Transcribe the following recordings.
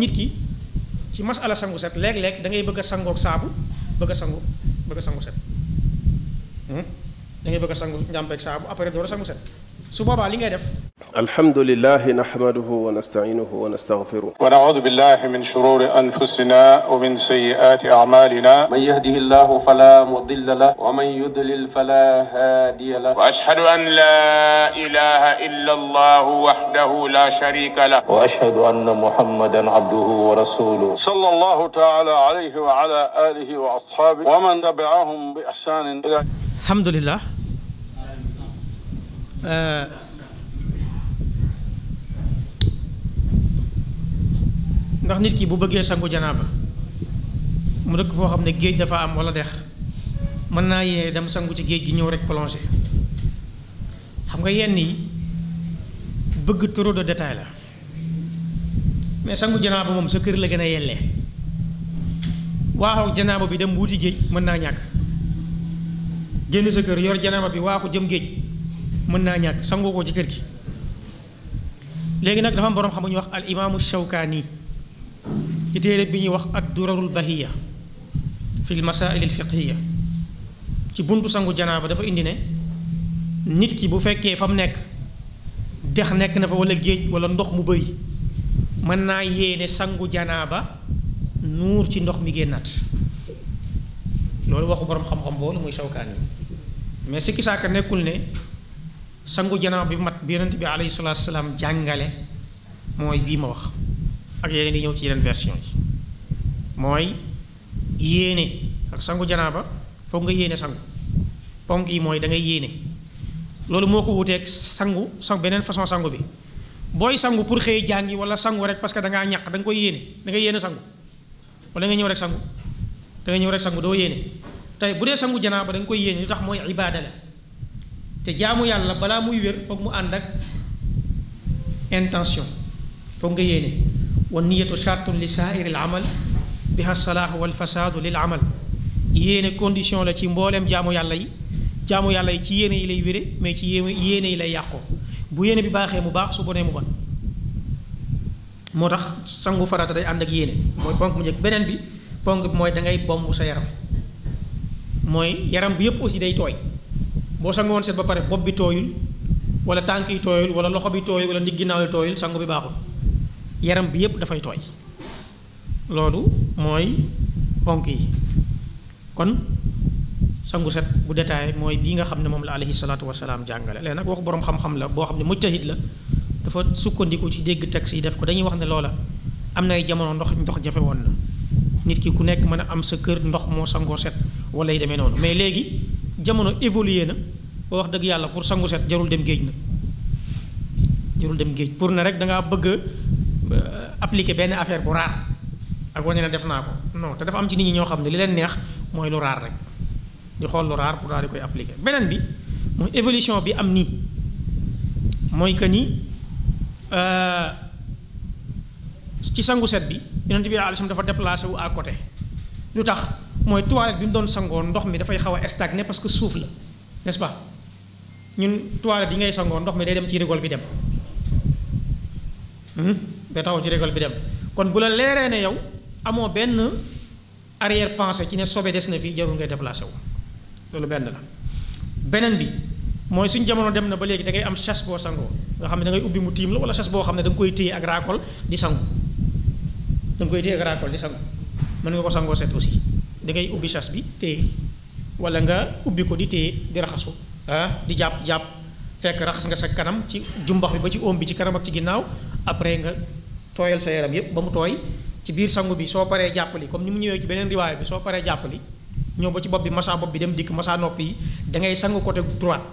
nit ki ci masala sangu set léeg-léeg da ngay bëgg sangook saabu bëgg a sangu bëgg sangu set hmm? da ngay bëgg sangu njàmpeeg saabu après door a sangu set سبابا لينغدف الحمد لله نحمده ونستعينه ونستغفره ونعوذ بالله من شرور أنفسنا ومن سيئات أعمالنا من يهده الله فلا مضل له ومن يضلل فلا هادي له وأشهد أن لا إله إلا الله وحده لا شريك له وأشهد أن محمدا عبده ورسوله صلى الله تعالى عليه وعلى آله وأصحابه ومن تبعهم بإحسان إلى الحمد لله Euh, ndax nit ki bu bëggee sangu janaaba mu dëkk foo xam ne géej dafa am walla dex mën naa yéene dem sangu ci géej gi ñëw rek plongé xam nga yenn yi bëgg trop de détail la mais sangu janaaba moom sa kër la gën a yellee waaxu janaaba bi dem wuti géej mën naa ñàkk génn sa kër yor janaaba bi waaxu jëm géej mën naa ñàkk sangoo ko ci kër gi léegi nag dafa am boroom xam bu ñuy wax al imaamu shawkaani ci téere bi ñuy wax ak durarul bahiya fi l masail al ci buntu sangu janaaba dafa indi ne nit ki bu fekkee fa mu nekk dex nekk na fa wala géej wala ndox mu bëri mën naa yéene sangu janaaba nuur ci ndox mi génnaat loolu waxu boroom xam-xam boolu muy shawkaani mais sikki saaka nekkul ne sangu janaba bi mat bi yonent bi alayhi salatu wassalam jangale moy bi ma wax ak yeneen di ñëw ci yeneen version yi moy yene ak sangu ba fo nga yene sangu ponk yi moy da ngay yene lolu moko wuté ak sangu sang benen façon sangu bi boy sangu pour xey jàngi wala sangu rek parce que da nga ñak da nga koy yéene da nga yene sangu wala nga ñew rek sangu da nga ñew rek sangu do yene tay bu dé sangu ba da nga koy te jaamu yàlla balaa muy wér foog mu ànd ak intention foog nga yéene wa niyatu chartun li saairil amal biha salaahu wal fasaadu lil amal yéene condition la ci mbooleem jaamu yàlla yi jaamu yàlla yi ci yéene yi lay wére mais ci yéene yi lay yàqoo bu yéene bi baaxee mu baax su bonee mu bon moo tax sangu farata day ànd ak yéene mooy ponk mu njëkk beneen bi ponk bi mooy da ngay bomb sa yaram mooy yaram bi yëpp aussi day tooy boo sangoon set ba pare bopp bi tooyul wala tànk yi tooyul wala loxo bi tooyul wala ndig ginnaaw yi tooyul sangu bi baaxul yaram bi yépp dafay tooy loolu mooy ponk yi kon sangu set bu détaillé mooy bii nga xam ne moom la alayhi salaatu wasalaam jàngale léegi nag waxu boroom xam-xam la boo xam ne mujtahid la dafa sukkandiku ci dégg texte yi def ko dañuy wax ne loola am na ay jamono ndox ndox jafe woon na nit ki ku nekk mën a am sa kër ndox moo sangoo set wala demee noonu mais léegi jamono évolué na ba wax dëgg yàlla pour sangu set jarul dem géej na jarul dem géej pour na rek da ngaa bëgg a euh, appliquer benn affaire bu raar ak wane ne def naa ko non te dafa am ci nit ñi ñoo xam ne li leen neex mooy lu raar rek di xool lu raar pour daal di koy appliquer beneen bi mooy évolution bi am nii mooy que ni euh, ci sangu set bi yonent bi dafa déplacé wu à côté lu tax. moy toilette bi mu doon sangoo ndox mi dafay xaw a stagné parce que suuf la n'est-ce pas ñun toilette yi ngay sangoo ndox mi day dem ci rigole bi dem hmm? day taxaw ci rigole bi dem kon bu la leeree ne yow amoo benn arrière pensée ci ne sobe des na fii jarul ngay déplacé wu loolu benn la beneen bi mooy suñ jamono dem na ba léegi da ngay am chasse boo sangoo nga xam ne da ngay ubbi mu tiim la wala chasse boo xam ne da nga koy téye ak raakol di sangu da nga koy téye ak raakol di sangu mën nga ko sangoo set aussi da ngay ubbi chasse bi téye wala nga ubbi ko di téye di raxasu ah di jàpp jàpp fekk raxas nga sa kanam ci jumbax bi ba ci oom bi ci kanam ak ci ginnaaw après nga tooyal sa yaram yépp ba mu tooy ci biir sangu bi soo paree jàppali comme ni mu ñëwee ci beneen riwaay bi soo paree jàppali ñëw ba ci bopp bi masa bopp bi dem dikk masa nopp yi da ngay sangu côté droite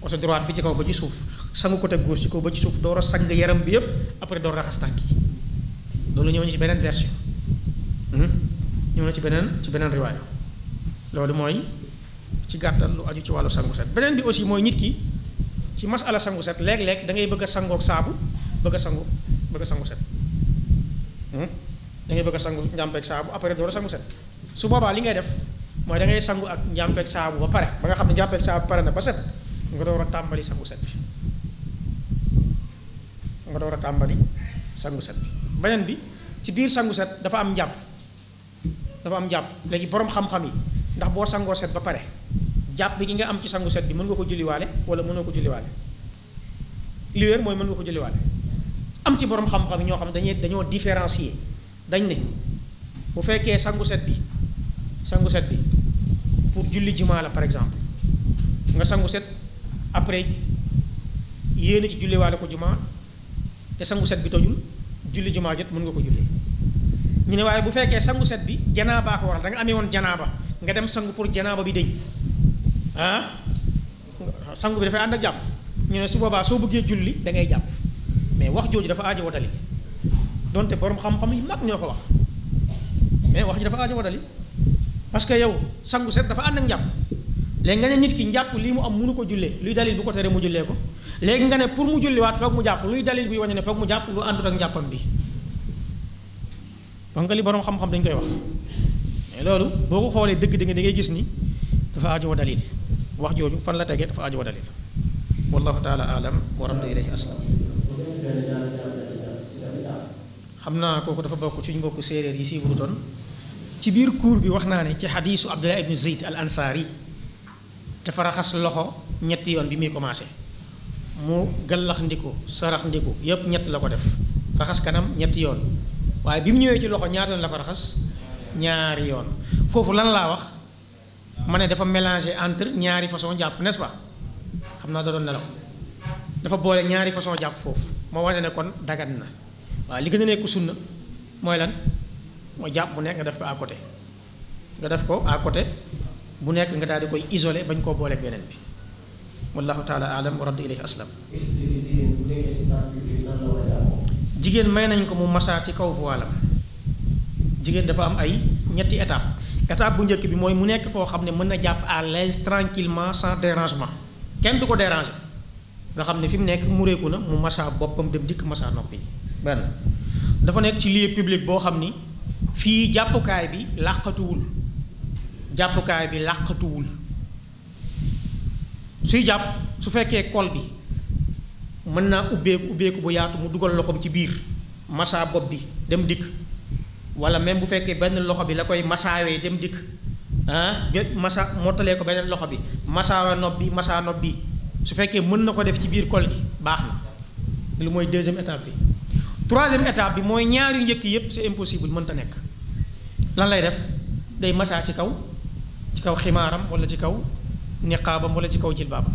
côté droite bi ci kaw ba ci suuf sangu côté gauche ci kaw ba ci suuf door a sang yaram bi yépp après door raxas tànk yi loolu ñëw ci beneen version hmm? ñëw na ci beneen ci beneen riwaaya loolu mooy ci gàttal lu aju ci wàllu sangu set beneen bi aussi mooy nit ki ci masala sangu set léeg-léeg da ngay bëgg a sangoog saabu bëgg a sangu bëgg a sangu set hmm? da ngay bëgg a sangu njàmpeeg saabu après door a sangu set su boobaa li ngay def mooy da ngay sangu ak njàmpeeg saabu ba pare ba nga xam ne njàmpeeg saabu pare na ba set nga door a tàmbali sangu set bi nga door a tàmbali sangu set bi beneen bi ci biir sangu set dafa am njàpp dafa am jàpp léegi borom xam-xam yi ndax boo sangoo set ba pare jàpp gi nga am ci sangu set bi mën nga ko julliwaale wala mënoo ko julliwaale li mooy mën nga ko julliwaale am ci borom xam-xam yi ñoo xam ne dañuy dañoo différencier dañ ne bu fekkee sangu set bi sangu set bi pour julli jumaa la par exemple nga sangu set après yéen ci julliwaale ko jumaa te sangu set bi tojul julli jumaa jot mën nga ko julli ñu ne waaye bu fekkee sangu set bi janaba ko waral da nga amewon woon janaaba nga dem sangu pour janaba bi deñ ah sangu bi fay and ak japp ñu ne su boba so bëggee julli da ngay japp mais wax jooju dafa aaji wadali donte borom xam-xam yi mag ñoko wax mais wax ji dafa aaji wadali parce que yow sangu set dafa and ak japp léegi nga ne nit ki japp li mu am munu ko luy dalil bu ko téré mu jullee ko léegi nga ne pour mu wat mu japp luy dalil bu wane ne foog mu japp lu and ak bi donc li borom xam-xam dañ koy wax loolu boo ko xoolee dëgg dëgg da ngay gis ni dafa aajo wa dalil wax jooju fan la tegee dafa aajo wa dalil wallahu taala alam wa rabbi ilayhi aslam xam naa kooku dafa bokk ci bokk séeréer yi si wurutoon ci biir kuur bi wax naa ne ci xadiisu Abdullah ibnu Zayd al ansaari dafa raxas loxo ñetti yoon bi muy commencé mu gallax ndiku sarax ndiku yépp ñett la ko def raxas kanam ñetti yoon waaye bi mu ñëwee ci loxo ñaata yoon la ko raxas ñaari yoon foofu lan laa wax ma ne dafa mélangé entre ñaari façon jàpp n'est-ce pas xam naa da doon nelaw dafa boole ñaari façon jàpp foofu moo wane ne kon dagat na waaw li gën a nekk sunna mooy lan moo jàpp bu nekk nga def ko à côté nga def ko à côté bu nekk nga daal di koy isolé bañ koo booleeg beneen bi wallahu taala alam wa raddu ilayhi aslam jigéen may nañ ko mu massa ci kaw voilam jigéen dafa am ay ñetti étape étape bu njëkk bi mooy mu nekk foo xam ne mën na jàpp à l'aise tranquillement sans dérangement kenn du ko déranger nga xam ne fi mu nekk mureeku na mu massa boppam dem dikk massa nopp yi benn dafa nekk ci lieu public boo xam ni fii jàppukaay bi làqatuwul jàppukaay bi làqatuwul suy jàpp su fekkee kol bi mën naa ubbeeku ubbeeku bu yaatu mu dugal loxoom ci biir masaa bopp bi dem dikk wala même bu fekkee benn loxo bi la koy wee dem dikk ah masa mottalee ko beneen loxo bi masaawa nopp bi masaa nopp bi su fekkee mën na ko def ci biir kol gi baax na lu mooy deuxième étape bi troisième étape bi mooy ñaari njëkk yépp c'est impossible mënta nekk lan lay def day masaa ci kaw ci kaw ximaaram wala ci kaw niqaabam wala ci kaw jilbaabam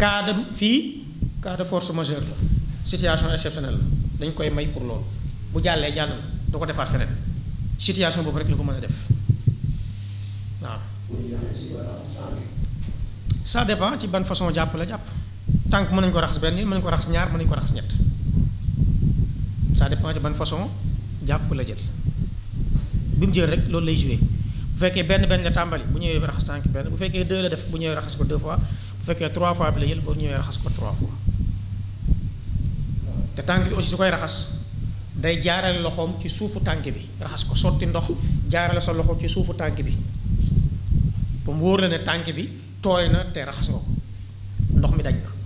cas de fii cas force majeure la situation exceptionnelle dañ koy may pour loolu bu jàllee jàll na du ko defaat feneen situation boobu rek la ko mën a def waaw. ça dépend ci ban façon jàpp la jàpp tànk mën nañ ko raxas benn mën nañ ko raxas ñaar mën nañ ko raxas ñett ça dépend ci ban façon jàpp la jël bi mu jël rek loolu lay joué bu fekkee benn benn la tàmbali bu ñëwee raxas tànk benn bu fekkee deux la def bu ñëwee raxas ko deux fois bu fekkee trois fois bi la jël boo ñëwee raxas ko trois fois te tànk bi aussi su koy raxas day jaarale loxoom ci suufu tànk bi raxas ko sotti ndox jaarale sa loxoom ci suufu tànk bi ba mu wóor la ne tànk bi tooy na te raxas nga ko ndox mi daj na